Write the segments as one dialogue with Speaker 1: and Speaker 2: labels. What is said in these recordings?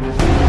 Speaker 1: Thank you.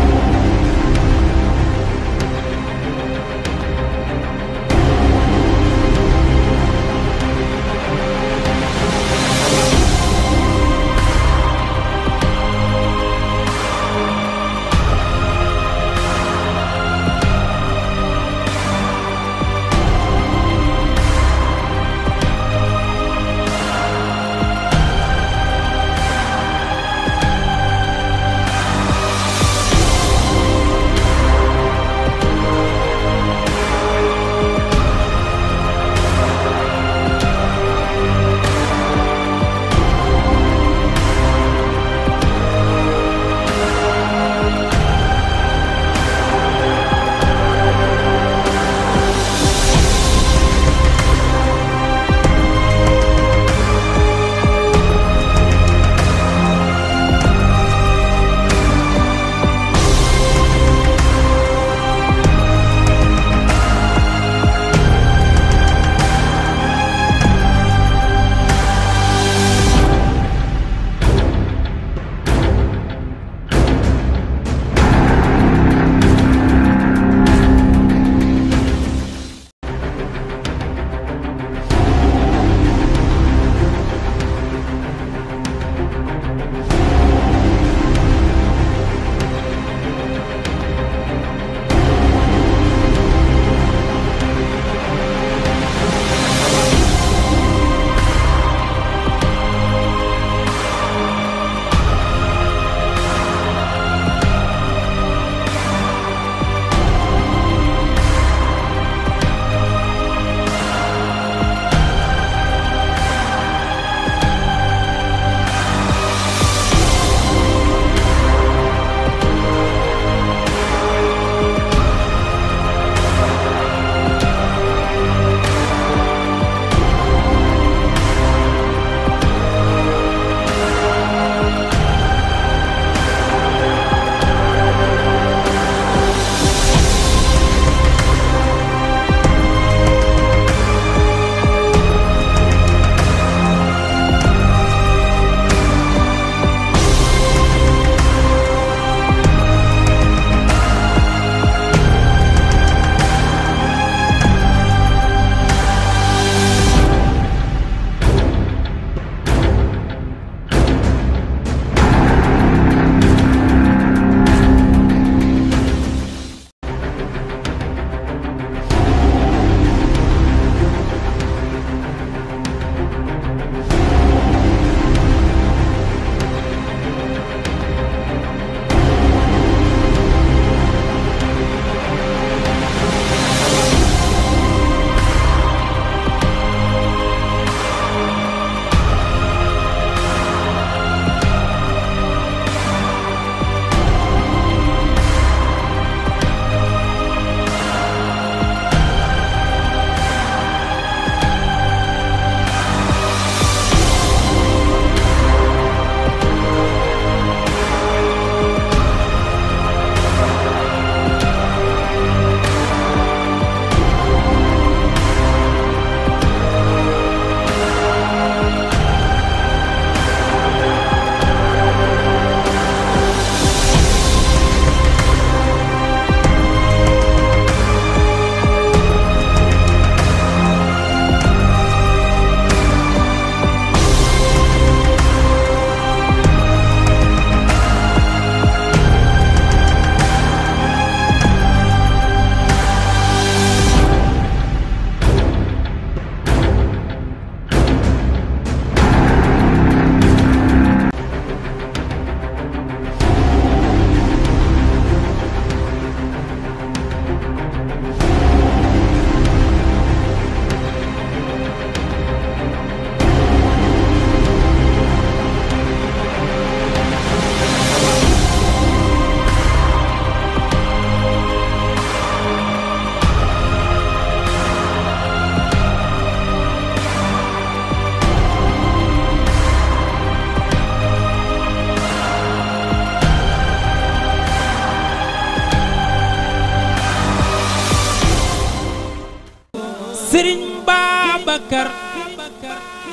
Speaker 1: Bakar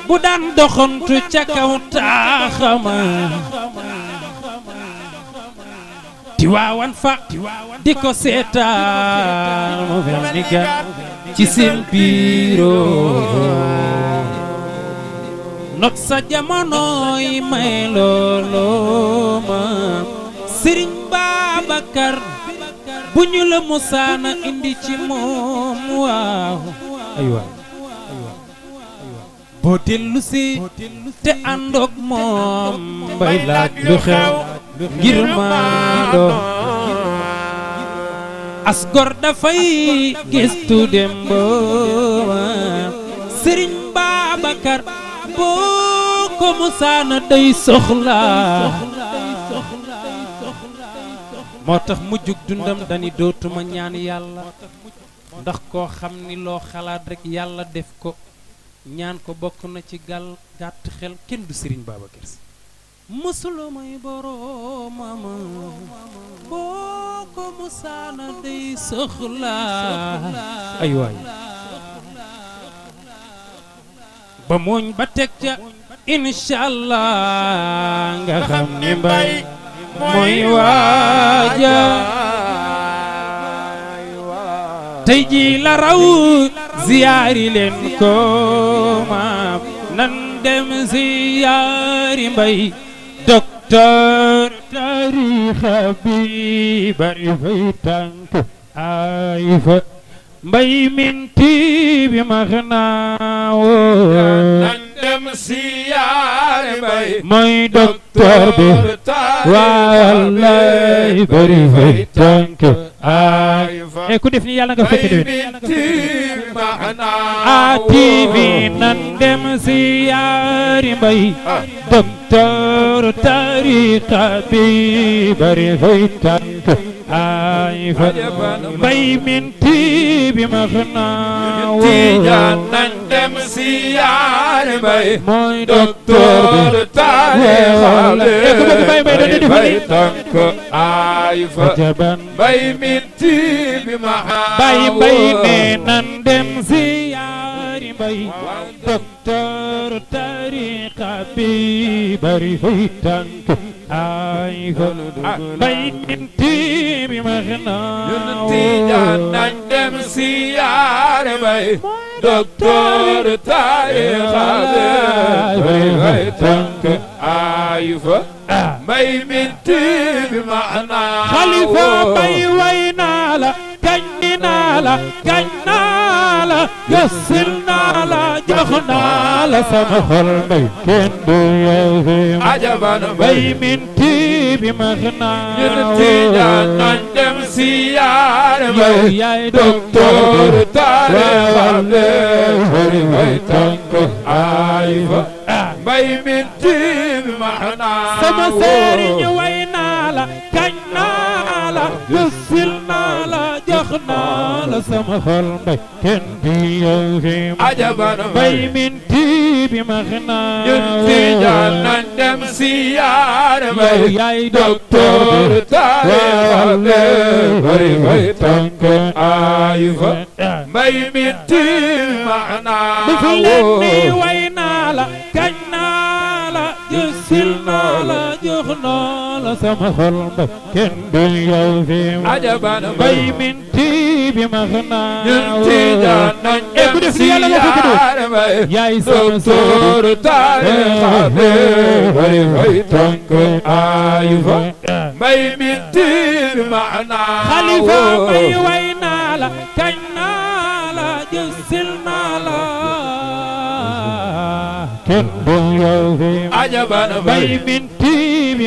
Speaker 1: bu daan doxantu ca kaw taaxama tiwaawan fa di ko seetaan mu ci seen biiroo sa jamono may looloo ma Sëriñ Babacar bu ñu la musaana indi ci moom waaw boo dellu si te àndoog moom bay laaj lu xew ngir maandoo asgor dafay gëstu dem booba sëriñ Babacar boo ko musaana day soxla
Speaker 2: moo tax mujjug dundam dani dootuma ñaan
Speaker 1: yàlla ndax koo xam ni loo xalaat rekk yàlla def ko ñaan ko bokk na ci gal gàtt xel kenn du sëriñ Babacar Si mësula may boroomam boko ko musaana day soxla ay way ba moñ ba tek ca inshallah nga xam ni mbay tay ji la raw ziyaari leen ko maam nan ziyaari mbay docteur tariixa bi bari fay tànk ay fa mbay minti bi max naa ziyaari mbay mooy docteur bi wallaay bari fay tànk e ku def ni yàlla nga fekk déwén a ah, tv nan dem si yaari mbay docteur tariqa bi bari fay tànk ayfa bay min ti bi ma xanaa woo tijaan nañ dem si yaari bay mooy
Speaker 3: docteur taariixal bay bay
Speaker 1: tànk ayfa bay min bi ma xanaa woo bay bay nee nan dem si yaari bay تر طريق ببري فيتان اي بيت تيم مغنا ينتي جان نندم سيار بي دكتور طريق ببري فيتان اي ف مي من تيم مغنا خليفه بي وينا لا la gañ naa la yëssil naa la jox naa la sama xol mbay kenn du yow ajaban mbay min tiibi max naa ñun tiijaan nañ dem si yaar mbay yaay docteur taarixam leen xori mbay tànk ay fa mbay min tiibi max naa sama sëriñ way naa la gañ naa la yëssil naa la naa la sama xol mbay kenn bi yow fi ajaban mbay min tiibi ma xanaa ñun si jaan nañ dem si yaar mbay yaay docteur taarixal bari bay tànk ayu fa mbay min tiibi ma xanaa bu fi leen ni way naa la kañ naa la jësil naa la jox naa la sama xol ba kenn dul yow fi ajaban bay min ti bi ma xanaa ñun ti daan nañ eh, dem si yaar bay yaay sama soor taare xaale bay bay tonk ayu fa eh, eh. bay min ti bi ma xanaa xalifa bay way naa la kañ naa la jësil naa la kenn
Speaker 2: dul yow fi ajaban
Speaker 1: bay min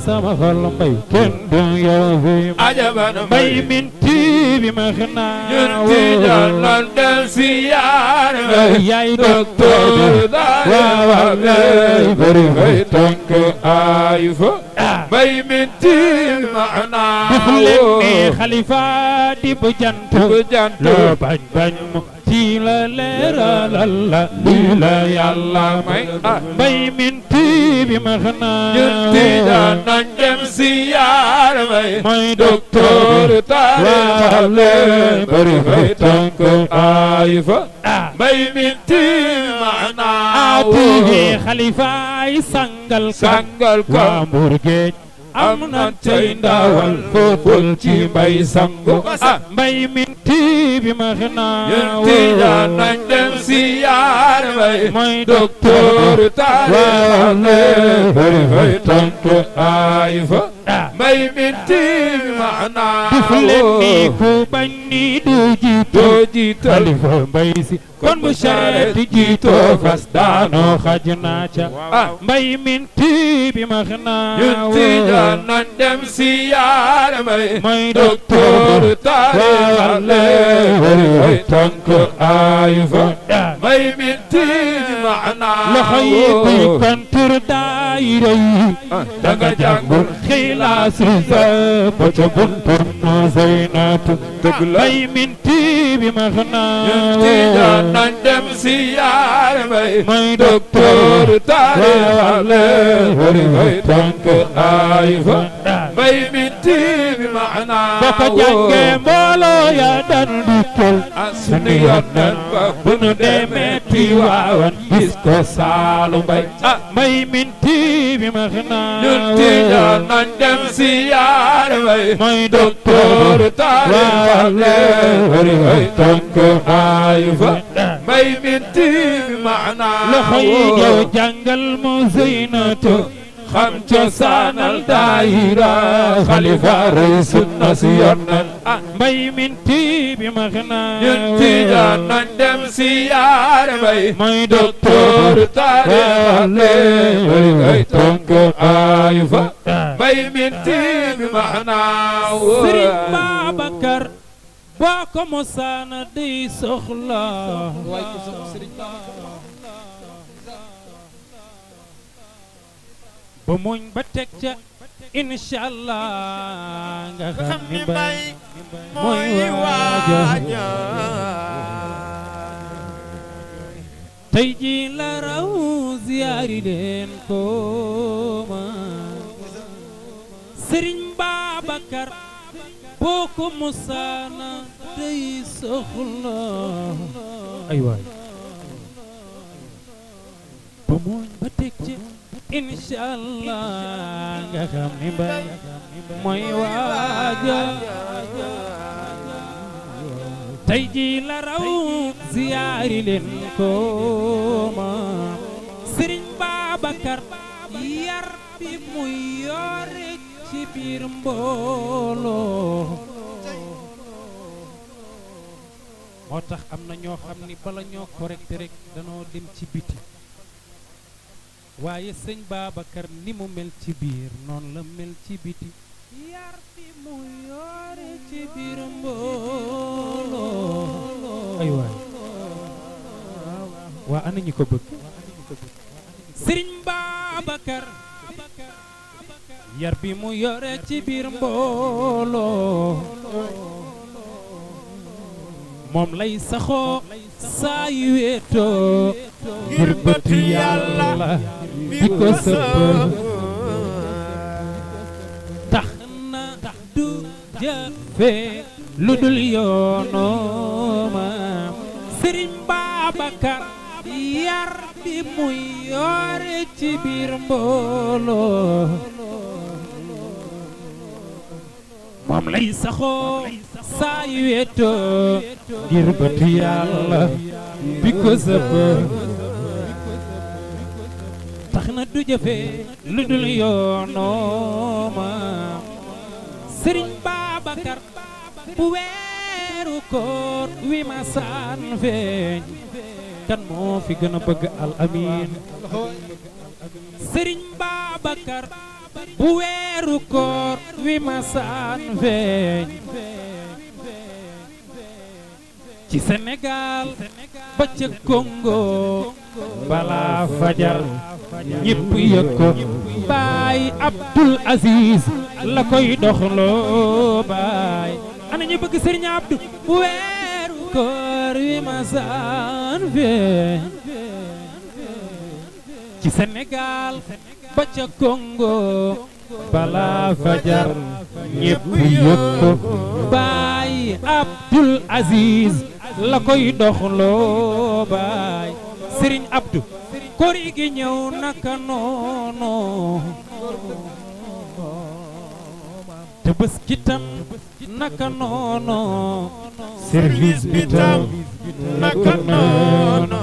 Speaker 1: sama xol mbay pondon yow fi ajaban mbay min tiibi ma xina ñun tijaan lan del si yaar yaay docteur waawaaw lay bëri fay tànk ay fa mbay ah. min tiibi ma xina daf leen ne xalifa di bu jant bu jant loo bañ bañ mu ci la leeralal la di la bay min tiibi ma xanaa ñun tiijaan nañ dem siyaar may may docteur taariixal leen bay min ma xanaa tiibi xalifaay ah, sangal ko sangal ko am nan cay ndawal fooful ci mbay sango mbay min tii bi ma xinaa yéen tijaan nañ dem siyaar mbay mooy docteur taale fay fay tontu ay fa mbay min di ku bañ ni du jiitoo jiitoo xalifa mbay si kon bu sareeti jiitoo fas daanoo xaj naa ca ah, mbay min ti bi max naa ñun tijaan nan dem si ay fa mbay biir daayira yi danga ba ca buntur na zeynaatu bay minti bi ma xanaa tijaan nañ dem siyaare bay may docteur taari wàlle wari way tànk ay fa bay min tiimi maanaa boo ko jàngee mbooloo yaa daan dikkal sunu yoon nan ba bu nu demee Tiwaawan gis ko Saalu Mbay bay min tiimi maanaa ñun tiijaan nañ dem siyaar bay mooy docteur taarifal leer bay tënk naayu fa bay min tiimi maanaa loxo yi ñëw jàngal mu Zeynatu خمسة سنة الدائرة خليفة رئيس النسيان مي من تي بمغنى ينتي جانا دم سيار مي مي دكتور تاريخ لي مي تنك آيفة آه. مي من تي بمغنى سرين بابا بكر باكم سنة دي سخلا ba muñ ba teg ca incha allah nga xam ni mbay mooy waaja tey jii la raw ziyaari leen ko ma sëriñ Babacar boo ko musaana day soxla ay waay inshallah nga xam ni mbay mooy waaja tey ji la raw ziyaari leen ko ma sëriñ Babacar yar bi mu ci biir mbooloo moo tax am na ñoo xam ni bala ñoo correcte rek danoo dem ci biti waaye sëñ Babacar ni mu mel ci biir noonu la mel ci biti yar bi mu
Speaker 2: yore ci biir mbooloo
Speaker 1: moom lay saxoo saa yu weetoo. ngir yàlla because sa bër tax na du jafe lu dul yoonooma sëriñ Babacar yar bi muy yoore ci biir mbooloo moom lay saxoo saa yu wetoo ngir bëtu yàlla because sa kenn du jëfe lu dul yoonoo ma bu weeru koor wi ma saan feeñ kan moo fi gën a bëgg al amin sëriñ Babacar bu weeru koor wi ma saan feeñ ci Sénégal ba ca Congo balaa fajar ñépp yëg baay Abdul Aziz la koy doxloo baay ana bëgg Sëriñ Abdu bu weeru ci Sénégal ba ca Congo balaa fajar ñépp yëg baay Abdul Aziz la koy doxloo baay sëriñ Abdou kori gi ñëw naka noonu te bés gi tam naka noonu service bi tam naka noonu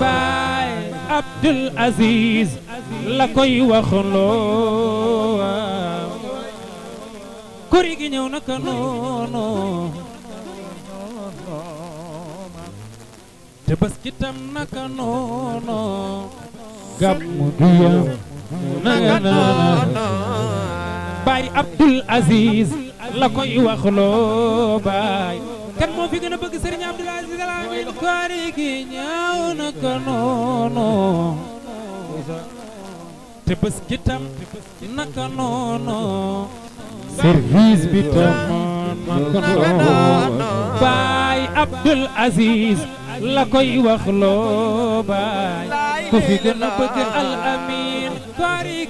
Speaker 1: baay Abdul Aziz la koy waxloo kori gi te bés ki tam naka noonu du yam naka noonu baay Abdul Aziz la koy wax loo baay kan moo fi gën a bëgg Serigne Abdul Aziz naka noonu baay Abdul Aziz la koy wax ku fi gën a bëgg al amin bari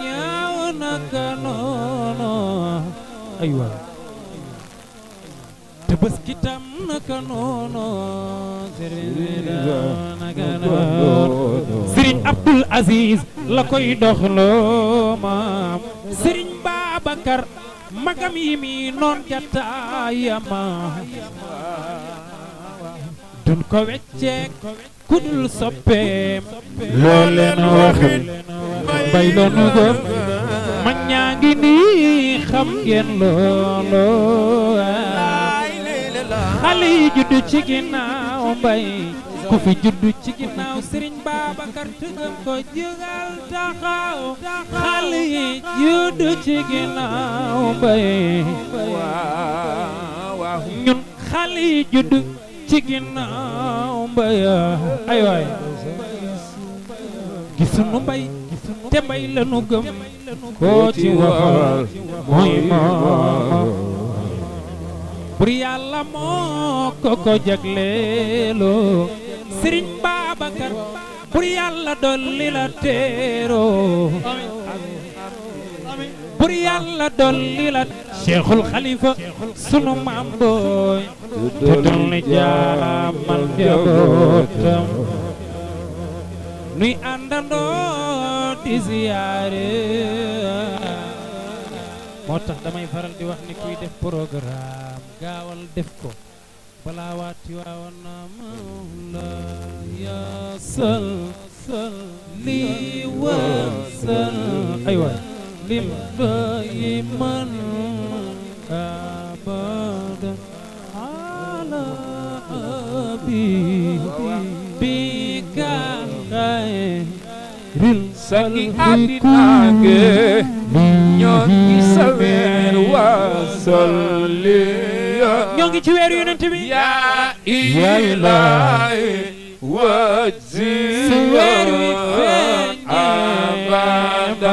Speaker 1: ñaaw naka noonu ay waay te bés ki tam naka noonu Abdul Aziz la koy dox loo maam sëriñ Babacar magam yi mi noon jataayama duñ ko wecceek ku dul soppeem lool leen waxin bay loonu ko ma ñaa ngi nii xam ngeen loolu xale yi juddu ci ginnaaw mbay ku fi juddu ci ginnaaw sëriñ Babacar tëgëm ko jugal taxaw xale yi juddu ci ginnaaw mbay ñun xale yi juddu ci ginnaaw mbay ay waay gisunu mbay te mbay la nu gëm koo ci waxal mooy bur yàlla moo ko ko jagleeloo Sëriñ Babacar bur yàlla dolli teeroo bur yàlla dolli la cheikhul xalifa sunu maam booy te dolli jaaramal njabootam nuy àndandoo di ziyaare moo tax damay faral di wax ni kuy def programme gaawal def ko balaa waat waawan na mawla ya sal sal lii wasal ay waay للدائما أبدا
Speaker 2: على
Speaker 1: حبيبك خير sagi adina ge ñoo ngi sa weer wa salli ñoo ngi ci weer yonent bi ya ilahi wa zira abada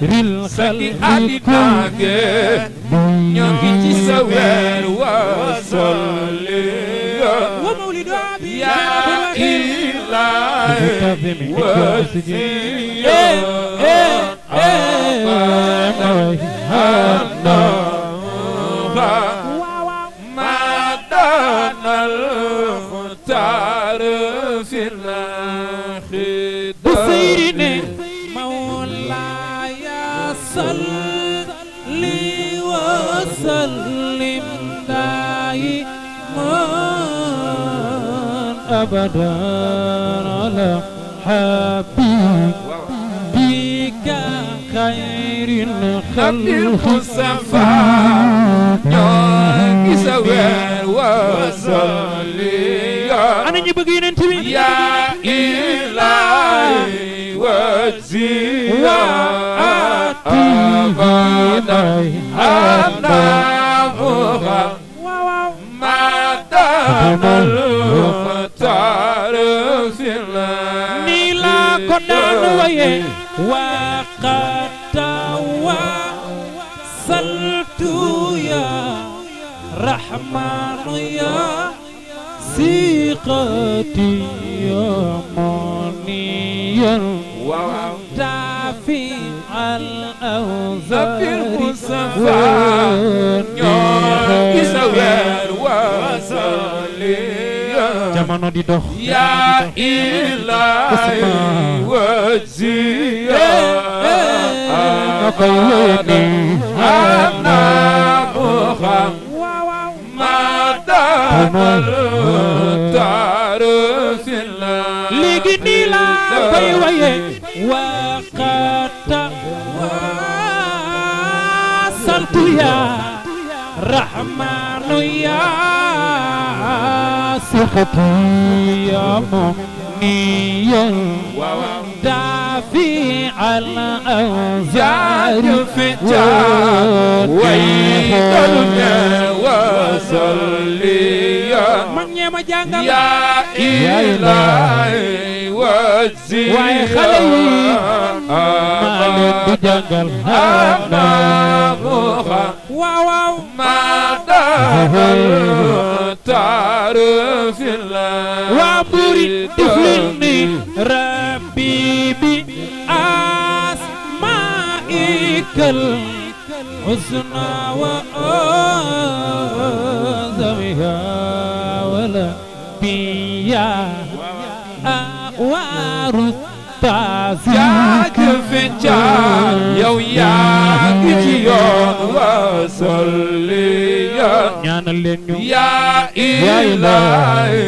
Speaker 1: ril xel kunge ñoo ngi ci sa weer wa solli
Speaker 2: yaa ilaahi
Speaker 1: wa siyoon eh, eh, eh. hana ma daanal وصل وسلم دائما أبدا على حبيبك خير خلق السماء ñoo gis weer wasalli ana ñu bëgg yeneen tamit yaa ilaahi wa ziyaat أبدا أنافها ما دام المختار في نيلا كنا ويه وقد توصلت يا رحمن يا ثقتي يا مني زفير مصفى يسوير وصلي jamono di dox ya ilahi wajiya akoyoni hamna muham mada tarusin la ligi nila bayu waye sant yaa rahmaanu yaa sixati yaa mugniya دافع الأوزار فتان ويدلنا وصلي يا إلهي وزير a leen di jàngal xam naa mu xam waaw waaw maa daxal taarufin la waa murid diflin ni rabbi bi asmaa'ikal husna wa azamiha wa arus Mustafa yàgg finjaan yow yàgg ci yoon wa solli ñaanal leen ñu yaa ilaahi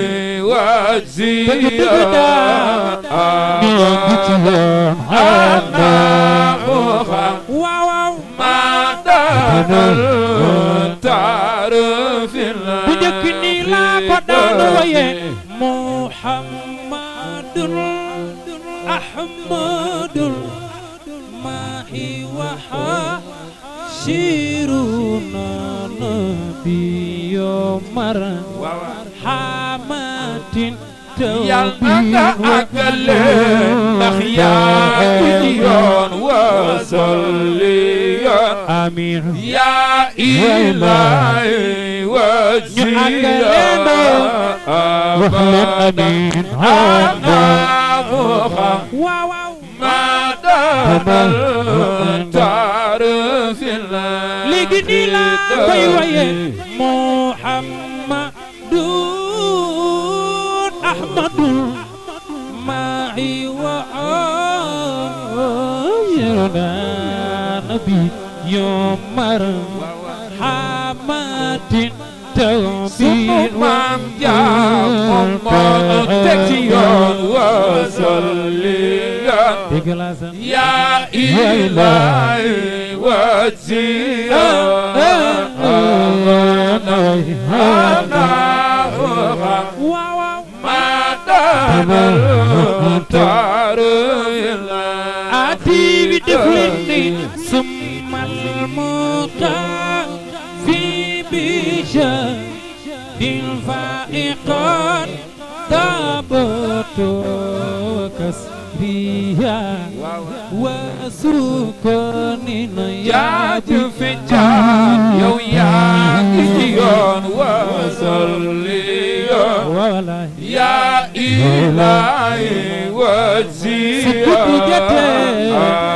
Speaker 1: wa ziyaa yàgg ci yoon ana Muhammad ma daanal taarifin bu njëkk nii laa ko daan waye Muhammadun محمد ما وحا شيرنا نبي يوم
Speaker 3: يالنا أقل أخيار ديون
Speaker 1: وصلي آمين يا إلهي وسيلة رحمة أمين waaw ma daamal taar sila léegi nii laa koy waye Muhammadu Ahmadu maahi wa amirna nabi yow mar tëram sunu maam Jaara moom moo nu teg ci yoon wa salliya yaa ilaahi wasiila ma جاء بالفائقات تابوت كسريا وسركن يا تفجان يو يا تجيون وصلي يا إلهي وزيا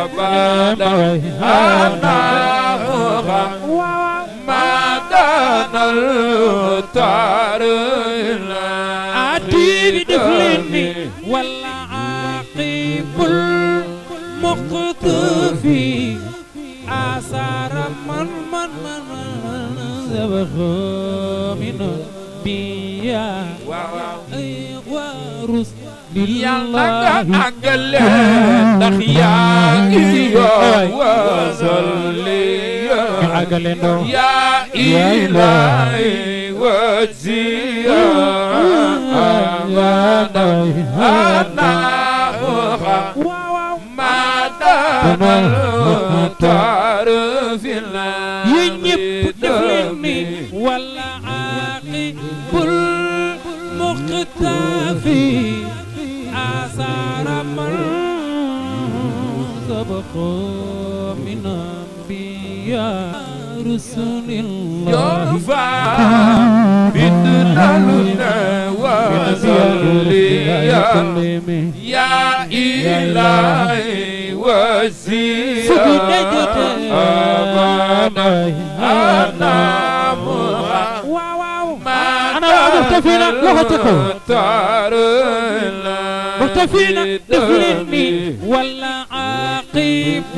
Speaker 1: أبدا أنا مختار عتيب دفلني ولا عاقب المقتفي آثار من من من سبخ من بيا ورس لله أقل تخيائي وصلي يا إلهي وزيا أنا أنا ما دام
Speaker 3: المختار
Speaker 1: في الأمر ولا عاقب المختفي آثار من سبق رسول الله بدلالنا وزليا يا إلهي وزيا أمانا أنا مرتفينا لغتكم مرتفينا دفنني ولا عاقب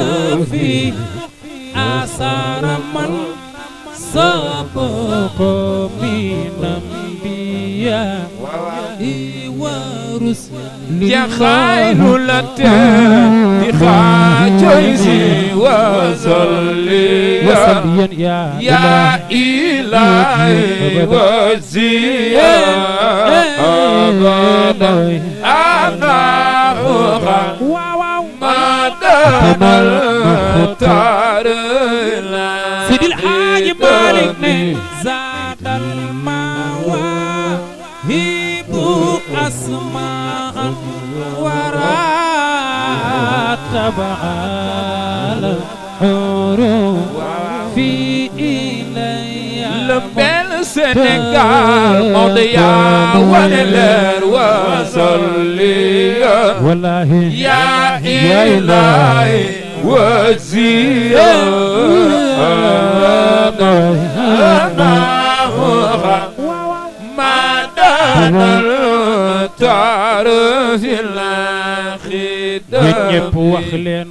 Speaker 1: المقتفي سارما سبق من انبياء ورسل يا خير لتاتي خاجيزي وصلي يا يا إلهي وزيا أبدا أبدا كمال مختار سيد الحاج مالك زاد المواهب أسماء ورا تبع الحروف في إلي Sénégal مضيع ونلر وصلي والله يا إلهي وزير ما دانا تعرف الأخي دار ñëpp wax leen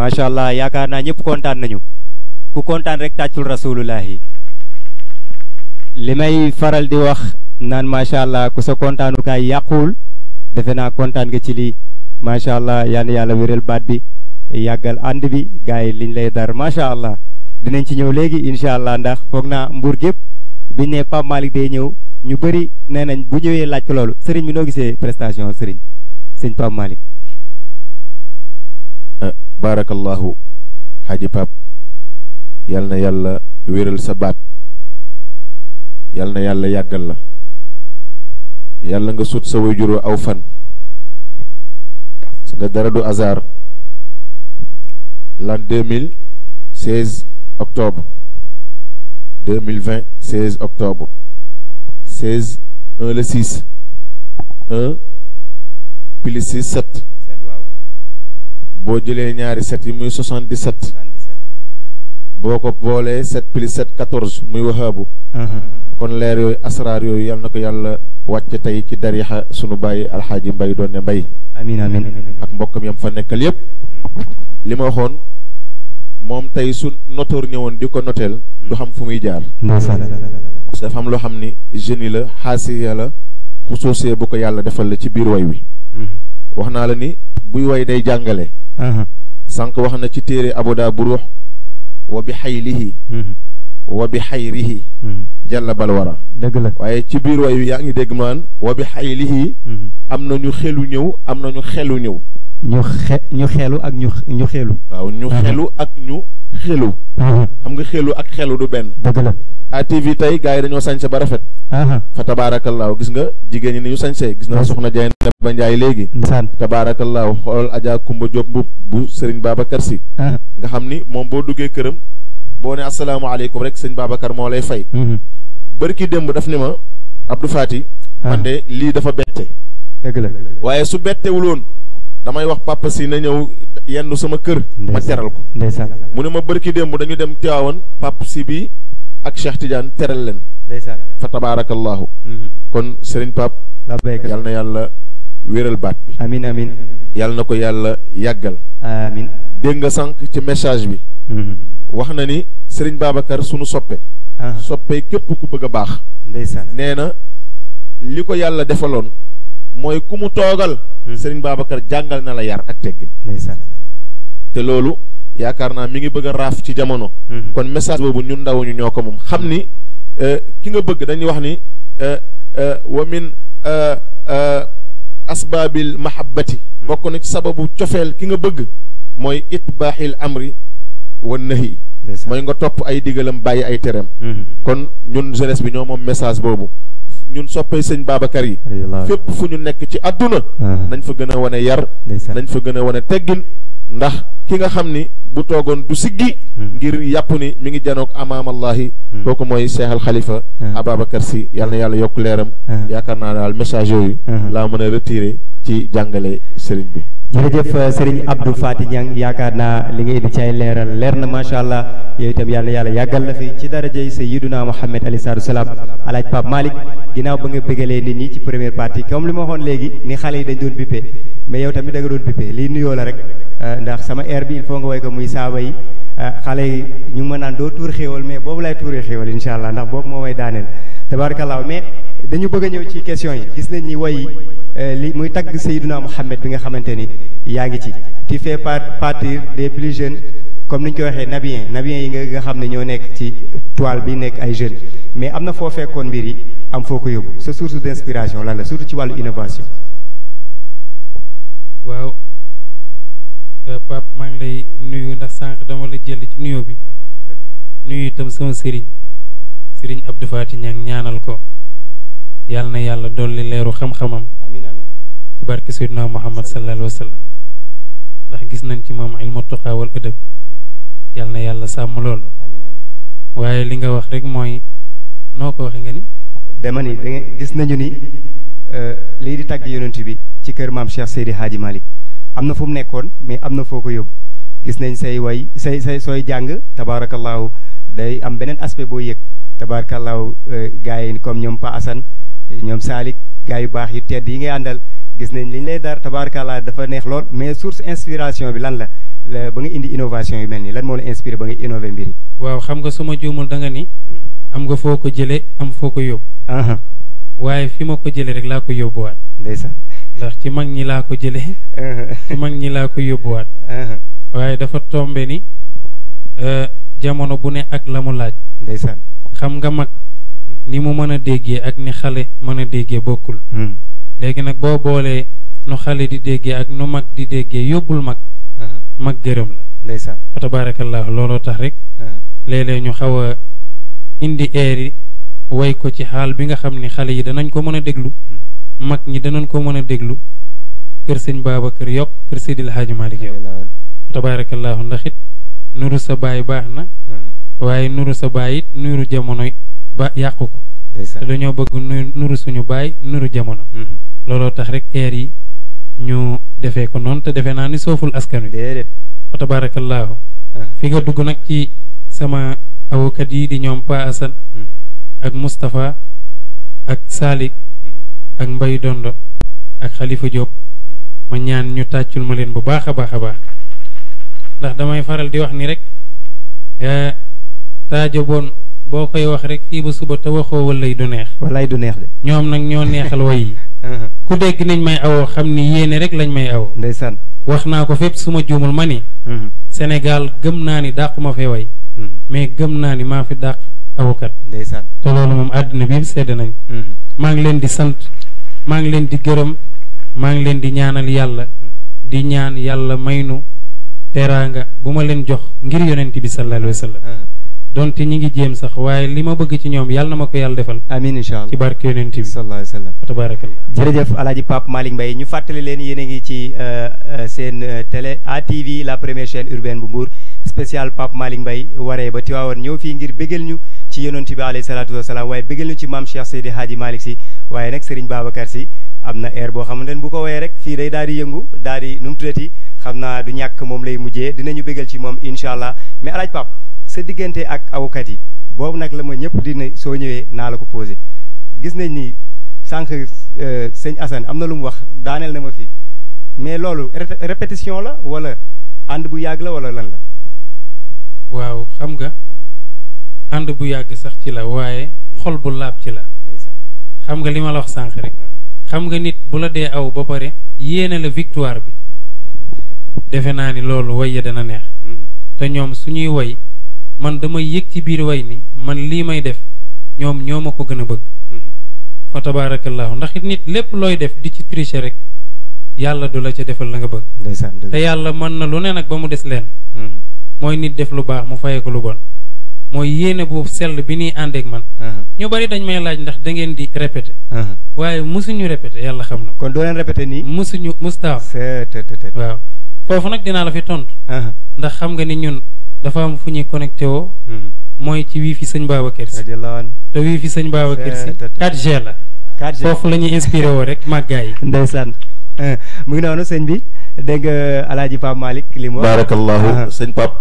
Speaker 3: Masyaallah, allah yaakaar naa ñëpp kontaan nañu ku contane rek tatchul rasulullahi limay faral di wax nan macha allah ku sa contane ka yaqul defena contane nga ci li macha allah yal na yàlla baat bi yagal and bi gars liñ lay dar macha allah dinañ ci ñew legi inshallah allah ndax fogna mbur gep bi ne pa malik day ñew ñu bari nenañ bu ñewé lacc lolu serigne mi no gisé prestation serigne serigne pa malik
Speaker 4: baarakallaahu xaaji pap yal na yàlla wéral sa baat yal na yàlla yàggal la yàlla nga sut sa wajur aw fan nga dara du hasard l'an deux mille seize octobre deux mille vingt seize octobre seize un le six un plus six sept
Speaker 3: bo jele ñaari set yi muy 77
Speaker 4: boko bolé 7 plus 7 14 muy wahabu uh-huh. kon leer yoy asrar yoy yalla nako yalla yàlla tay ci dariha sunu bàyyi alxaaji mbay doon ne mbay amin amin ak mbokam yam fa nekkal yépp lima ma mom tay sun su ñewon diko notel du xam fu muy jaar dafa am lo xamni jeune génie la xaasiya la xusoosee bu ko yalla defal la ci bir way wi uh-huh. waxna la ni buy way day jàngale Mhm. sànq wax na ci téere aboda bu ruux wa bi xaylihi mhm. wa bi xayrihi mhm. jàlla balwara dëgg la waaye ci biir way wi yaa ngi dégg maan wa bi xaylihi am na ñu xelu ñëw am na ñu xelu ñëw
Speaker 3: ñu xe ñu xeelu ak ñu ñu xeelu.
Speaker 4: waaw ñu xeelu ak ñu xeelu. xam nga xelu ak xeelu du benn. dëgg la ATV tey gars yi dañoo sañse ba rafet. fa tabaarakallaahu gis nga jigéen ñi ni ñu sañsee gis naa soxna Dieng ba njaay léegi. ndeysaan tabaarakallaahu xool Adja Kumba Diop Mbuub bu Serigne Babacar Sy. nga xam ni moom boo duggee këram boo ne asalaamaaleykum rek sëñ Babacar moo lay fay. Mhm. ki démb daf ni ma Abdou Fati. man de lii dafa bette. dëgg la waaye su bettewuloon. damay wax papa si na ñëw yenn sama kër. ma teral ko.
Speaker 3: ndeysaan
Speaker 4: mu ne ma bërki démb dañu dem Tiwaawan papa si bi ak Cheikh Tidiane teral leen. ndeysaan fa tabaarakallaahu mm-hmm. kon Serigne Pape. yal yàlla wéral baat bi. amin amin na ko yàlla yàggal. amin dégg nga sànq ci message bi. Mm-hmm. wax na ni Serigne Babacar sunu soppe. Ah. soppe képp ku bëgg a baax. ndeysaan nee na li ko yàlla defaloon. mooy ku mu toogal. Hmm. sëriñ Babacar jàngal na la yar ak teggin. te loolu yaakaar naa mi ngi bëgg a raaf ci jamono. Hmm. kon message boobu ñun ndaw ñu ñoo ko moom xam ni euh, ki nga bëgg dañuy wax ni euh, euh, wa min asbaabil mahabbati hmm. bokk na ci sababu cofeel ki nga bëgg. mooy it itbaaxil amri wa nahi mooy nga topp ay digalam bàyyi ay tereem. kon ñun jeunesse bi ñoo moom message boobu. ñun soppee sëñ Babacar yi fépp fu ñu nekk ci àdduna ah. nañ fa gën a wane yar nañ fa gën a wane teggin ndax ki nga xam ni bu toogoon du siggi hmm. ngir yàpp ni mi ngi janoog amaamallahi hmm. ko mooy seexal xalifa ah. Ababacar si yàlla yàlla yokk leeram ah. yaakaar naa daal message yooyu laa mën a retiré ci jàngale sëriñ bi. jërëjëf euh, sëriñ
Speaker 3: Abdou Fati Niang yaakaar naa li nga indi ci leeral leer na macha allah yow itam yàlla yàlla yàggal la fi ci darajay sayyiduna sa alayhi salaatu salaam alaaj Pape Malick ginnaaw ba nga bëggalee nit ñi ci première partie comme li ma waxoon léegi ni xale yi dañ doon bippé mais yow tamit da nga doon bippé lii nuyoo la rek euh, ndax sama air bi il faut nga woy ko muy saaba yi euh, xale yi ñu mën naan doo tuur xéewal mais boobu lay tuuree xéewal incha allah ndax boobu moo may daaneel tabaarakallah mais dañu bëgg ñëw ci question Euh, li muy tagg Seydina Mouhamed bi nga xamante ni yaa ngi ci tu fais partir des plus jeunes comme ni ñu ko waxee nabiyen nabiyen yi nga nga xam ne ñoo nekk ci toile bi nekk ay jeunes mais am na foo fekkoon mbir yi am foo ko yóbbu sa source d'inspiration lan la surtout ci wàllu innovation
Speaker 1: waaw euh, Pape maa ngi lay nuyu ndax sànq dama la jël ci nuyoo bi nuyu itam sama sëriñ sëriñ Abdou Fati Niang ñaanal ko yàlla na yàlla dolli leeru
Speaker 3: xam-xamam amiin amiin
Speaker 1: ci barke Seydina Muhammad sallallahu alayhi wa sallam ndax gis nañ ci moom ay tuqaa wal adab yal na yàlla sàmm loolu waaye li nga wax rek mooy noo ko waxee nga ni
Speaker 3: dama ni da gis nañu ni euh, lii di tàgg yonent bi ci kër maam Cheikh Seydi Hadji Malick am na fu mu nekkoon mais am na foo ko yóbbu gis nañ say way say say sooy jàng tabaarakallaahu day am beneen aspect boo yëg tabaarakallaahu euh, gars yi comme ñoom Pa ñoom Salick gars yu baax yi tedd yi ngay àndal gis nañ li ñu lay dar tabaarkalla dafa neex lool mais source inspiration bi lan la ba nga indi innovation yu mel nii lan moo la ba nga innové mbir yi.
Speaker 1: waaw xam nga suma juumul danga nga ni. Hmm. am nga foo ko jëlee am foo ko yóbbu. Uh-huh. waaye fi ma ko jëlee rek laa ko yóbbuwaat. ndeysaan ndax ci mag ñi laa ko jëlee. Uh-huh. ci mag ñi laa ko yóbbuwaat. Uh-huh. waaye dafa tombe ni euh, jamono bu ne ak la mu laaj. ndeysaan xam nga mag. ni mu mën a déggee ak ni xale mën a déggee bokkul hmm. léegi nag boo boolee nu xale di déggee ak nu mag di déggee yóbbul mag uh-huh. mag gërëm la ndeysaan fa looloo tax rek uh-huh. léeg ñu xaw a indi eeri way ko ci xaal bi nga xam ni xale yi danañ ko mën a déglu hmm. mag ñi danañ ko mën a déglu kër sëñ Babacar yokk kër Seydil Hadji Malick yow tabaarakallahu ndax it nuru sa baay baax na uh-huh. waaye nuru sa baay it nuru jamono ba yakuko ko dañu dañoo bëgg nuru suñu bay nuru jamono mhm. lolo tax rek eer yi ñu défé ko non té défé na ni soful askan wi ah. fi nga dugg nak ci sama awokat yi di ñom Pa Assane mhm. ak mustafa ak Salik mhm. ak Mbay Dondo ak khalifa job ma ñaan ñu taccul ma leen bu baaxa baaxa baax ndax damay faral di wax ni rek jobon eh, boo koy wax rek fii ba suba te waxoo walay du neex. walay du neex de. ñoom nag ñoo neexal way yi. Uh-huh. ku dégg nañ may awoo xam ni yéene rek lañ may awoo. ndeysaan wax naa ko fépp su ma juumul ma ni. Uh-huh. Sénégal gëm naa ni dàq ma fee way. Uh-huh. mais gëm naa ni maa fi dàq awukat. ndeysaan te loolu moom àddina bi sedd nañ ko. maa ngi leen di sant maa ngi leen di gërëm maa ngi leen di ñaanal yàlla. di ñaan yàlla may nu teraanga bu ma leen jox ngir yonent bi sallallahu alayhi wa donte ñu ngi jéem sax waaye li ma bëgg ci ñoom yàlla na ma ko yàlla defal amin incha allah ci barke yonent bi sallallahu alayhi wa sallam wa tabarakallah
Speaker 3: jërëjëf ñu fàttali leen yéen ngi ci euh, euh, seen euh, télé ATV la première chaîne bu Mbour spécial Pape Malick Mbaye waree ba Tiwaawan ñëw fii ngir bégal ñu ci yonent bi alayhi salaatu wasalaam waaye bégal ñu ci maam Cheikh Seydi Hadji Malick si waaye nag Serigne Babacar am na air boo xamante ne bu ko woyee rek fii day daal di yëngu daal di nu xam naa du ñàkk moom lay mujjee dinañu bégal ci incha allah mais alaaj Pape sa diggante ak awkat yi boobu nag la ma ñëpp dina soo ñëwee naa la ko posé gis nañ ni sànq euh, sëñ Assane am na lu mu wax daaneel na ma fi mais loolu répétition la wala ànd bu yàgg la wala lan la.
Speaker 1: waaw xam nga ànd bu yàgg sax ci la waaye xol bu laab ci la. xam nga li ma la wax sànq rek. Hmm. xam nga nit bu la dee aw ba pare yéene la victoire bi. defe naa ni loolu way ya dana neex. Hmm. te ñoom suñuy way man dama yek ci biir way ni man li may def ñom ñomako gëna bëgg mhm. fa tabarakallah ndax nit lepp loy def di ci tricher rek yalla du la ci defal la nga bëgg te yalla man na lu ne nak ba mu dess len moy mhm. nit def lu baax mu fayé ko lu bon moy yene bu sel bi ñuy ak man mhm. ñu bari dañ may laaj ndax da ngeen di répété waaye musuñu répéter yalla xam kon musuñu waaw la fi tontu ndax xam nga ni ñun dafa am fu ñuy connecté woo. Mm-hmm. mooy ci wifi sëñ Babacar Si. te wifi sëñ Babacar Si 4G la. 4 foofu la ñuy inspiré woo rek màggaa yi.
Speaker 3: ndeysaan eh, mu ngi noonu sëñ bi dégg nga El Hadj Malick li mu. barakallahu ah.
Speaker 4: sëñ Pape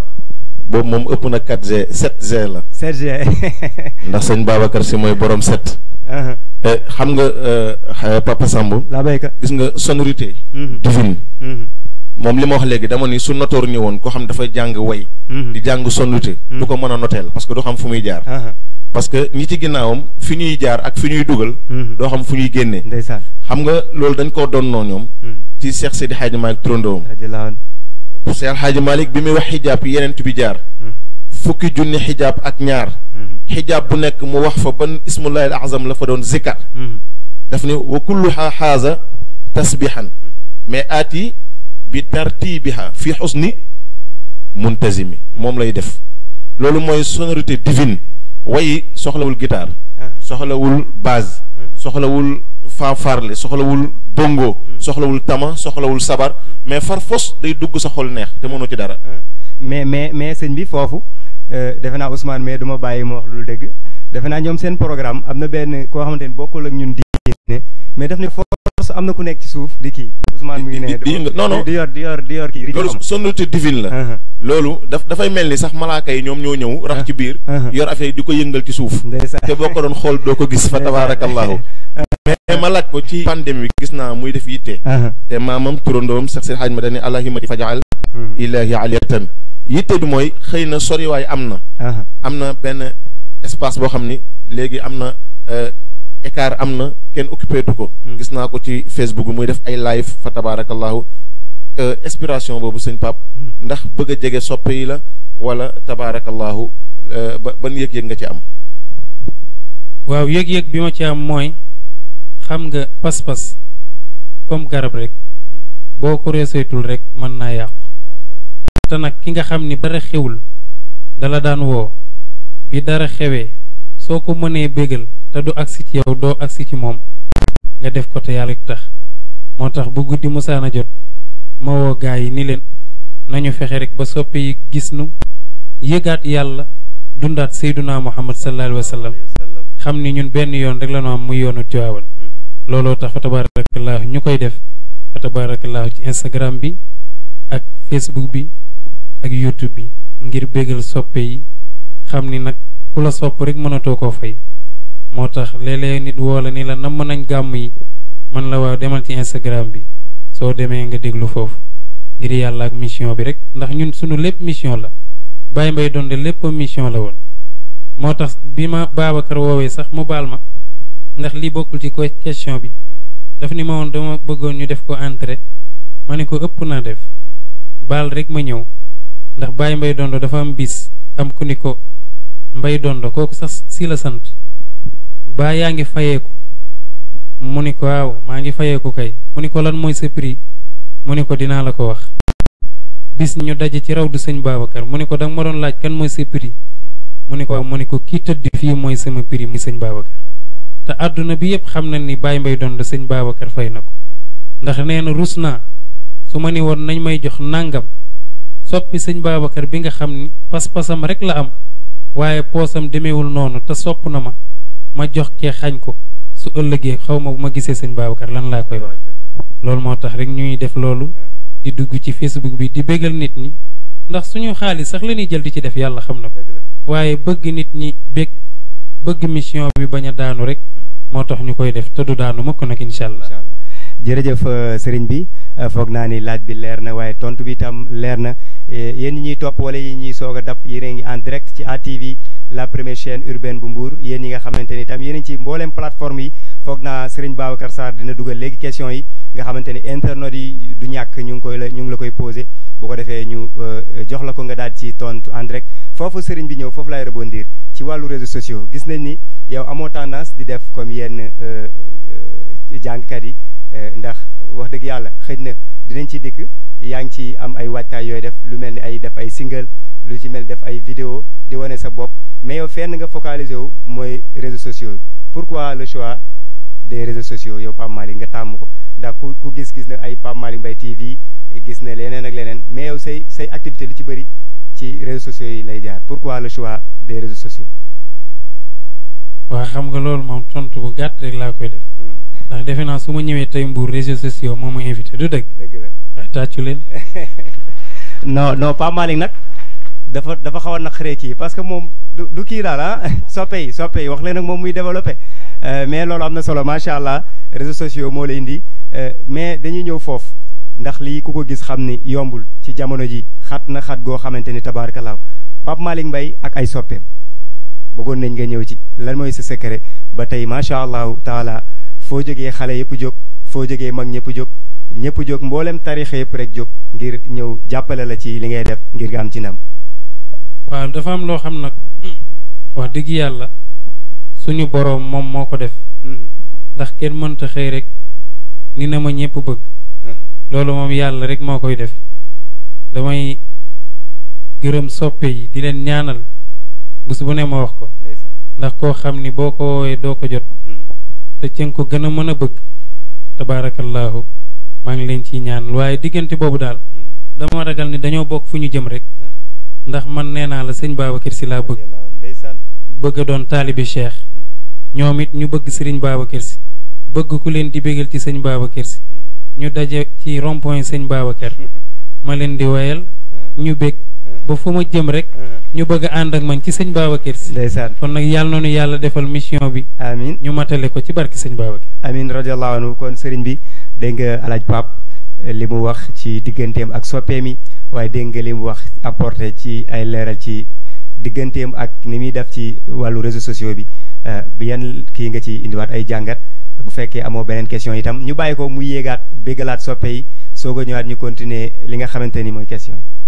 Speaker 4: boobu moom ëpp nag 4G 7G la. 7 ndax sëñ Babacar Si mooy borom 7. Ah. Eh, xam nga eh, Papa Samb. laa béykat gis nga sonorité. Mm-hmm. divine. Mm-hmm. moom li ma wax léegi dama ni su notoor ñëwoon koo xam dafay jàng way mhm. di jàng sonnute mhm. du ko mën a noteel parce que du xam fu muy jaar parce que ñi ci ginnaawam fi ñuy jaar ak fi ñuy dugal mhm. doo xam fu ñuy génnee ndeysaan xam nga loolu dañ koo donnoo ñoom ci Cheikh Seydi Hadji Malick trondoom Cheikh Hadji Malick bi muy wax xijaab yi yeneen bi jaar fukki junni xijaab ak ñaar xijaab bu nekk mu wax fa ban ismullahil azam la fa doon zikkar daf ni wa kullu xaaza tasbihan mais aat yi بترتيبها في حسن منتزمي موم لاي ديف لولو موي سونوريتي ديفين واي سوخلاول جيتار سوخلاول باز سوخلاول فافارلي سوخلاول بونغو سوخلاول تاما سوخلاول صبر مي فارفوس داي دوج سا خول نيه تي مونو تي دارا
Speaker 3: مي مي مي سيغن بي فوفو دافنا عثمان مي دوما بايي مو لول دغ دافنا نيوم سين بروغرام امنا بن كو خامتين بوكول اك génne mais daf ne force am na ku nekk ci suuf di kii loolu sonnute divine la uh-huh.
Speaker 4: loolu daf dafay mel ni sax malaaka yi ñoom ñoo ñëw rax ci uh-huh. biir uh-huh. yor affaire di ko yëngal ci suuf te boo ko doon xool doo ko gis fa tabaarakallaahu mais ma laaj ko ci pandémie bi gis naa ma dani allahumma faj'al ilahi aliyatan yitte bi mooy xëy na soriwaay am na am na benn espace boo xam ni léegi am na euh, écart amna ken occupé tu ko. Hmm. gis naa ko ci Facebook muy def ay live fa euh inspiration bobu seigne pap hmm. ndax bëgg jégué soppé yi la wala tabarakallah euh, ban yek yek nga ci am.
Speaker 1: waaw yek yek bima ci am moy xam nga pas-pas comme garab rek hmm. boko resetul rek man na yaq ta nak ki nga xam ni dara xewul dala daan wo bi dara xewé soo ko mënee bégal te du agsi ci yow doo agsi ci moom nga def ko te yàlla rek tax moo tax bu guddi musaana jot ma woo yi ni leen nañu fexe rek ba soppe yi gis nu yëgaat yàlla dundaat seyduna muhammad sallallahu alayhi wa sallam xam ni ñun benn yoon rek lanu am muy yoonu Tiwaawan looloo tax fa tabaarakallaahu ñu koy def fa tabaarakallaahu ci Instagram bi ak Facebook bi ak YouTube bi ngir bégal soppe yi xam ni nag ku la sopp rek mënatoo koo fay moo tax léeg-léeg nit woo la ni la namm nañ gàmm yi man la waaw demal ci Instagram bi soo demee nga déglu foofu ngir yàlla ak mission bi rek ndax ñun suñu lépp mission la Baye mbay Donde lépp mission la woon moo tax bi ma Babacar woowee sax mu baal ma ndax li bokkul ci question bi daf ni ma woon dama bëggoon ñu def ko entrée ma ni ko ëpp naa def baal rek ma ñëw ndax Baye Mbaye Donde dafa am bis am ku ni ko mbay dondo koku sax si la sant ba yaangi fayeku muniko aw ni ko ngi kay muniko lan moy ce prix muniko dina la ko wax bis ñu daje ci raw du sëñ Babacar mu ko ma don laaj kan moy ce prix muniko muniko ko waaw fi moy ko sama prix mi seigne babakar ta aduna bi yeb xamna ni bay Mbay dondo seigne babakar fay nako ndax neena rusna rus su ma ni won nañ may jox nangam soppi seigne babakar bi nga xamni pass pas rek la am waaye poosam demeewul noonu te sopp na ma ma jox ke xañ ko su ëllëgee xaw ma bu ma gisee sëñ Babacar lan laa koy wax loolu moo tax rek ñuy def loolu di dugg ci Facebook bi di béggal nit ñi ndax suñu xaalis sax la jël di ci def yàlla xam na ko waaye bëgg nit ñi bég bëgg mission bi bañ a daanu rek moo tax ñu koy def te du daanu ko nag incha allah.
Speaker 3: jërëjëf euh, sëriñ bi. Eh, foog naa ni laaj bi leer na waaye tontu bi itam leer na eh, yéen ñi ñuy topp wala yéen ñuy soga dab yi ngi en direct ci ATV la première chaîne urbaine bu Mbour yéen ñi nga xamanteni tam itam ci mbollem plateforme yi foog Serigne Babacar Sarr dina duggal léegi question yi nga xamanteni internet yi du ñak ñu ngi koy ñu ngi la koy poser bu ko defee ñu eh, jox la ko nga dal ci tontu en direct fofu Serigne bi ñew fofu laay rebondir ci walu réseaux sociaux gis nañ ni yow amo tendance di def comme yenn jàngkat yi. Eh, ndax wax dëgg yàlla xëj na dinañ ci dikk yaa ngi ci am ay waajtaay yooyu def lu mel ni ay def ay single lu ci mel def ay vidéo di wane sa bopp mais yow fenn nga focaliser wu mooy réseaux sociaux yi pourquoi le choix des réseaux sociaux yow Pape nga tàmm ko ndax ku ku gis gis na ay Pape Malick Mbaye gis na leneen ak leneen mais yow say say activité lu ci bëri ci réseaux sociaux yi lay jaar pourquoi le choix des réseaux sociaux. waa xam nga loolu moom tontu bu gàtt rek laa koy def. Hmm. ndax defe naa su ma ñëwee tey Mbour réseaux sociaux moo ma invité du dëgg. dëgg la waaye ah, leen. non non Pape Malick nag dafa dafa xaw a naqaree kii parce que moom du du kii daal ah soppe yi soppe yi wax leen nag moom muy développé euh, mais loolu am na solo macha allah réseaux sociaux moo la indi euh, mais dañuy ñëw foofu ndax lii ku ko gis xam ni yombul ci jamono ji xat na xat goo xamante ni tabaarkalaaw Pape Malick mbay ak ay soppeem bëggoon nañ nga ñëw ci lan mooy sa secret ba tey macha allah taala. foo jógee xale yëpp jóg foo jógee mag ñëpp jóg ñëpp jóg mboolem tarixa yëpp rek jóg ngir ñëw jàppale la ci li ngay def ngir nga am ci ndam.
Speaker 1: waaw dafa am loo xam nag wax dëgg yàlla suñu boroom moom moo ko def. Mm-hmm. ndax kenn mënta xëy rek ni ne ma ñëpp bëgg. Mm-hmm. loolu moom yàlla rek moo koy def damay gërëm soppe yi di leen ñaanal bés bu ne ma wax ko. ndax koo xam ni boo ko doo ko jot. te ceen ko gën a mën a bëgg tabaarakallaahu maa ngi leen ciy ñaan waaye diggante boobu daal hmm. dama ragal ni dañoo bokk fu ñu jëm rek hmm. ndax man nee naa la sëñ Babacar si laa bëgg bëgg a doon taalibi cheikh hmm. ñoom it ñu bëgg sëriñ Babacar si bëgg ku leen di bégal ci sëñ Babacar si ñu daje ci rond-point sëñ Babacar ma leen di wayal ñu bég boo fu ma jëm rek mm. ñu bëgg ànd ak man ci sëñ Babacar Si ndeysaan kon nag yàlla noonu yàlla defal mission
Speaker 3: bi amin ñu matale ko ci barki sëñ Babacar amin radiallahu anhu kon sëriñ bi dégg nga alaaj Pape eh, li mu wax ci digganteem ak soppeem mi waaye dégg nga li mu wax apporté ci ay leeral ci digganteem ak ni muy def ci wàllu réseaux sociaux bi eh, yan kii nga ci indiwaat ay jàngat bu fekkee amoo beneen question itam ñu bàyyi ko mu yéegaat béggalaat soppe soog a ñëwaat ñu continuer li nga xamante ni mooy question yi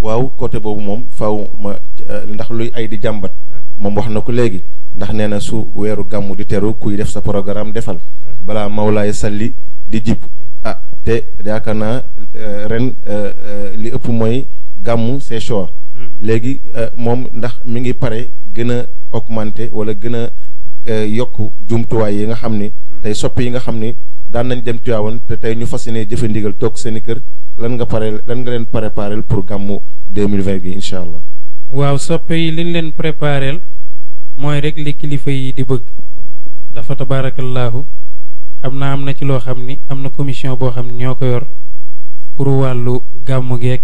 Speaker 4: waaw côté boobu moom faw ma euh, ndax luy ay di jàmbat hmm. moom wax na ko léegi ndax nee na su weeru gàmmu di teru kuy def sa programme defal hmm. balaa mawlaay salli di jib hmm. ah te yaakaar naa euh, ren euh, li ëpp mooy gàmmu c'est léegi moom ndax mu ngi pare gën a augmenter wala gën a yokk jumtuwaay yi nga xam ni tey sopp yi nga xam ni daan nañ dem Tiwaawan te tey ñu fas yéene jëfe ndigal toog seen i kër lan nga pare lan nga leen préparé pour gàmmu 2020 gi incha allah.
Speaker 1: waaw soppe yi li ñu leen préparé mooy rek li kilifa yi di bëgg dafa tabaarakallaahu xam naa am na ci loo xam ni am na commission boo xam ne ñoo ko yor pour wàllu gàmmu geeg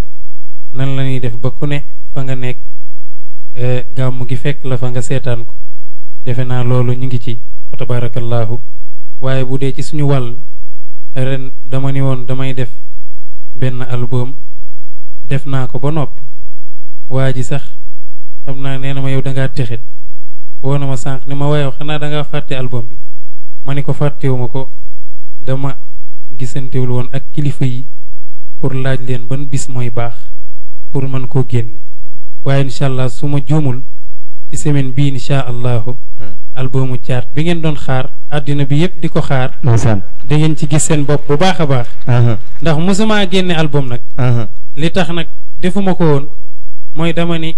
Speaker 1: nan la ñuy def ba ku ne fa nga nekk e, gàmmu gi fekk la fa nga seetaan ko defe naa loolu ñu ngi ci fa tabaarakallaahu waaye bu dee ci suñu wàll ren dama ni woon damay def. benn album def naa ko ba noppi waa ji sax xam naa nee na ma yow da ngaa texet woo na ma sànq ni ma waayow xanaa da ngaa fàtte album bi ma ni ko fàttewuma ko dama gisantewul ak kilifa yi pour laaj leen ban bis mooy baax pour mën koo génne waaye incha allah su ci semaine bii incha albumu caat bi ngeen doon xaar àddina bi yëpp di ko xaar da ngeen ci gis seen bopp bu baax a baax uh-huh. ndax mosuma génne album nag uh-huh. li tax nag defuma ko woon mooy dama ni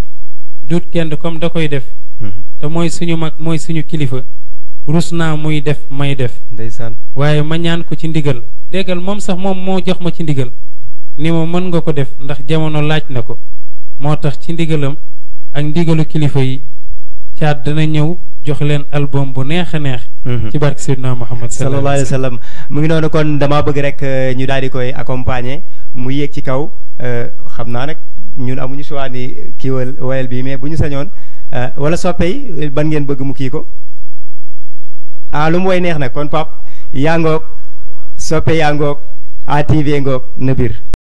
Speaker 1: duut kenn comme da koy def uh-huh. te mooy suñu mag mooy suñu kilifa rus naa muy def may def ndeysaan waaye ma ñaan ko ci ndigal déggal moom sax moom moo jox ma ci ndigal ni ma mën nga ko def ndax jamono laaj na ko moo tax ci ndigalam ak ndigalu kilifa yi caat dana ñëw jox leen album
Speaker 3: bu neex a neex. Mhm. ci barke Seydina Muhammad sallallahu alayhi wa mu ngi noonu kon damaa bëgg rek euh, ñu daal di koy accompagner mu yéeg ci kaw euh, xam naa nag ñun amuñu choix ni kii wal wayal bii mais bu ñu sañoon euh, wala soppe yi ban ngeen bëgg mu kii ko ah lu mu way neex na kon pap yaa ngoog soppe yaa ngoog ATV ngoog na